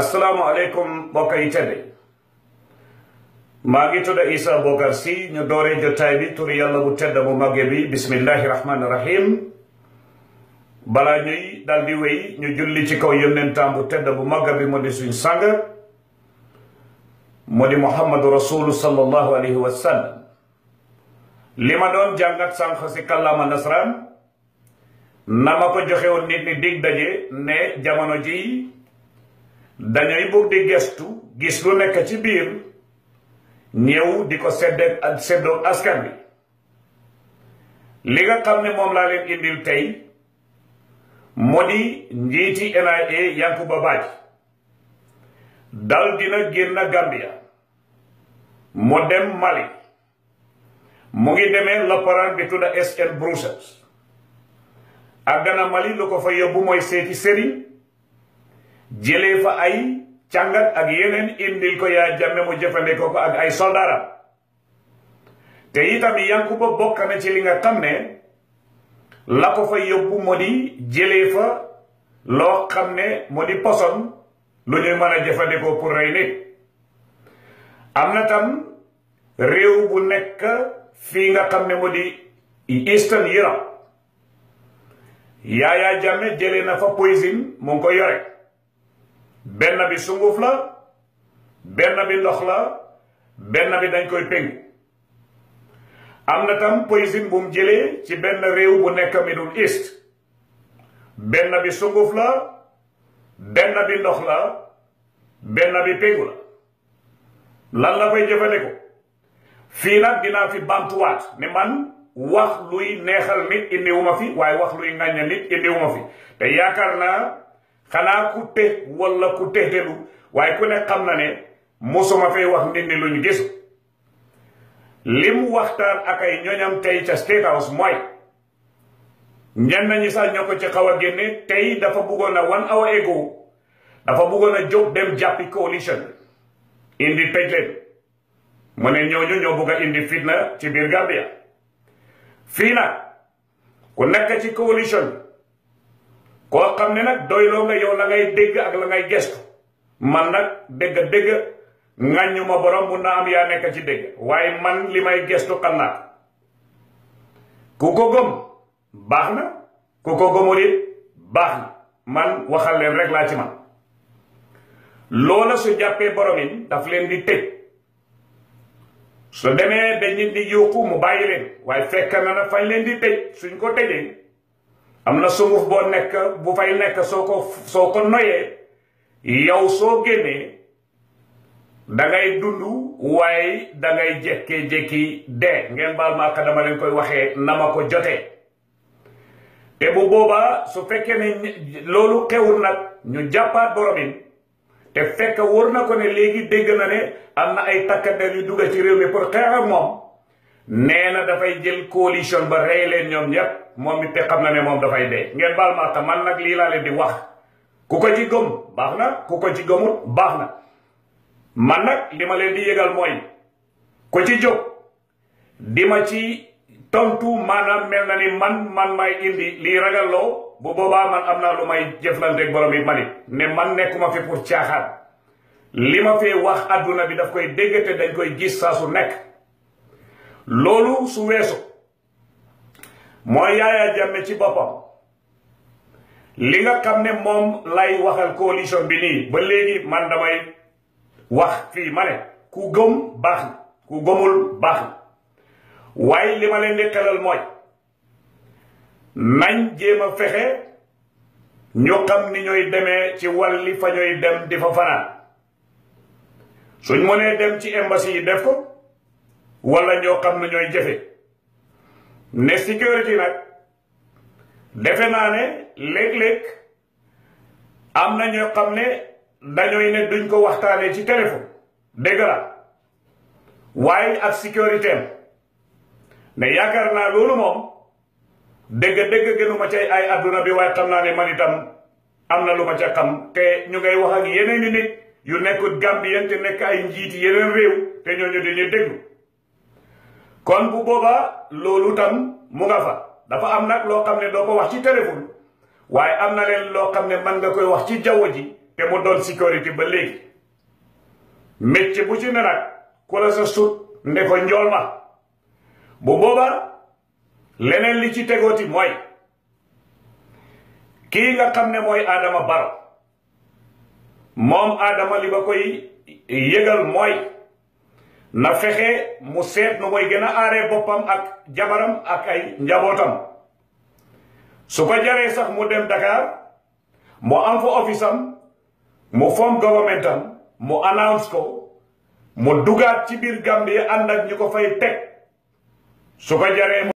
Assalamu alaikum boka yi magi maa Isa tudd si Bokarr Sy ñu doore jotaay bi tur yàlla bu tedd bu màgge bi bismillahi rahmaani rahim balaa ñuy dal di wéy ñu julli ci kaw yónnentam bu tedd bu bi mu suñ sàng mu di muhammadu sallallahu alaihi wasallam sallam li ma doon jàngat sànq si kàllaama ko nit dig daje ne jamono ji dangay bugg di gestu gis lu nekk ci biir ñëw di ko seddeeg ak seddoog askan bi li nga xam ni moom laa leen indil tey moo di njiiti NIA Yankuba Badji dal dina génn Gambia mu dem Mali mu ngi demee loparaan bi tudda SN Brussels ak gana Mali lu ko fa yóbbu mooy seeti sëriñ jëlee fa ay càngat ak yeneen indil ko yaa jàmme mu jëfandikoo ko ak ay soldaaram te itam Yankuba bokk na ci li nga xam ne la ko fa yóbbu moo di jëlee fa loo xam ne moo di poson lu ñuy mën a jëfandikoo pour rey nit am na tam réew bu nekk fii nga xam ne moo di Eastern yaa Yaya Jammeh jëlee na fa poison mu ngi ko yore Ben nabi sounkouf la, ben nabi loch la, ben nabi danykoy pengou. Am natan pouizin pou mdjele, ki ben nare ou bonen kamiloun ist. Ben nabi sounkouf la, ben nabi loch la, ben nabi pengou la. Lan la pouye jevane kou? Filak dina fi bantouat, neman wak loui nekal mit ene ou mafi, wak loui nganye mit ene ou mafi. Pe yakar la, xanaa ku te walla ku textelu waaye ku ne xam na ne mosuma fee wax nit ñi luñ gis li mu waxtaan ak ay ñoñam tey ca State House mooy ñenn nañu sax ñoo ko ci xaw a génne tey dafa buggoon a one hour ago dafa bëggoon a jóg dem jàppi coalition indi tëj leen mu ne ñooñu ñoo bëgg a indi fitna ci biir Gambia fii nag ku nekk ci coalition koo xam ne nag doyloo nga yow la ngay dégg ak la ngay gestu man nag dégg-dégg ŋàññu ma borom mun na am yaa nekk ci dégg waaye man li may gestu xam naa ku ko gëm baax na ku ko gëmul it baax na man waxal leen rek laa ci man loola su jàppee borom yi daf leen di tëj su demee ba nit yuuxu mu bàyyi leen waaye fekk na na fañ leen di tëj suñ ko tëjee am na sunguf boo nekk bu fay nekk soo ko soo ko noyee yow soo génnee dangay dund waaye dangay jékkee-jékki dee ngeen baal ma ka dama leen koy waxee na ma ko jotee te bu boobaa su fekkee ne loolu xewul nag ñu jàppaat boromin te fekk wóor na ko ne léegi dégg na ne am na ay takkader yu dugg ci réew mi pour xeex ak moom nee na dafay jël coalition ba rey leen ñoom ñépp moom it te xam na ne moom dafay dee ngeen baal ma te man nag lii laa leen di wax ku ko ci gëm baax na ku ko ci gëmut baax na man nag li ma leen di mooy ku ci jóg di ma ci tontu maanaam mel na ni man man may indi lii loo bu boobaa man am naa lu may jëf jëflanteeg borom yi manit ne man nekkuma fi pour caaxaan li ma fee wax adduna bi daf koy dégg te dañ koy gis saa nekk loolu su weesu mooy Yaya Jammeh ci boppam li nga xam ne moom lay waxal coalition bi nii ba léegi man damay wax fii ma ne ku gëm baax na ku gëmul baax na waaye li ma leen di xelal mooy nañ jéem a fexe ñu xam ni ñooy demee ci wàlli fa ñooy dem di fa fanaan suñ mënee dem ci embassy yi def ko wala ñoo xam ne ñooy jafe ne sécurité nag defe naa ne léeg-léeg am na ñoo xam ne dañooy ne duñ ko waxtaanee ci téléphone dégg la waaye ak sécurité am ne yaakaar naa loolu moom dégg-dégg gënuma cay ay adduna bi waaye xam naa ne man itam am na lu ma ca xam te ñu ngay wax ak yeneen i nit yu nekkul Gambien te nekk ay njiiti yeneen réew te ñooñu dañuy déglu kon bu boobaa loolu tam mu nga fa dafa am nag loo xam ne doo ko wax ci téléphone waaye am na leen loo xam ne man nga koy wax ci jaww ji te mu doon sécurité ba léegi métier bu ci ne nag ku la sa sut nde njool ma bu boobaa leneen li ci tegooti mooy kii nga xam ne mooy Adama Barrow moom aadama li ba koy yëgal mooy na fexe mu seet nu koy gën a aaree boppam ak jabaram ak ay njabootam su ko jaree sax mu dem Dakar mu am fa office am mu form government am mu announce ko mu dugaat ci biir Gambie ànd ak ñu ko fay teg su jaree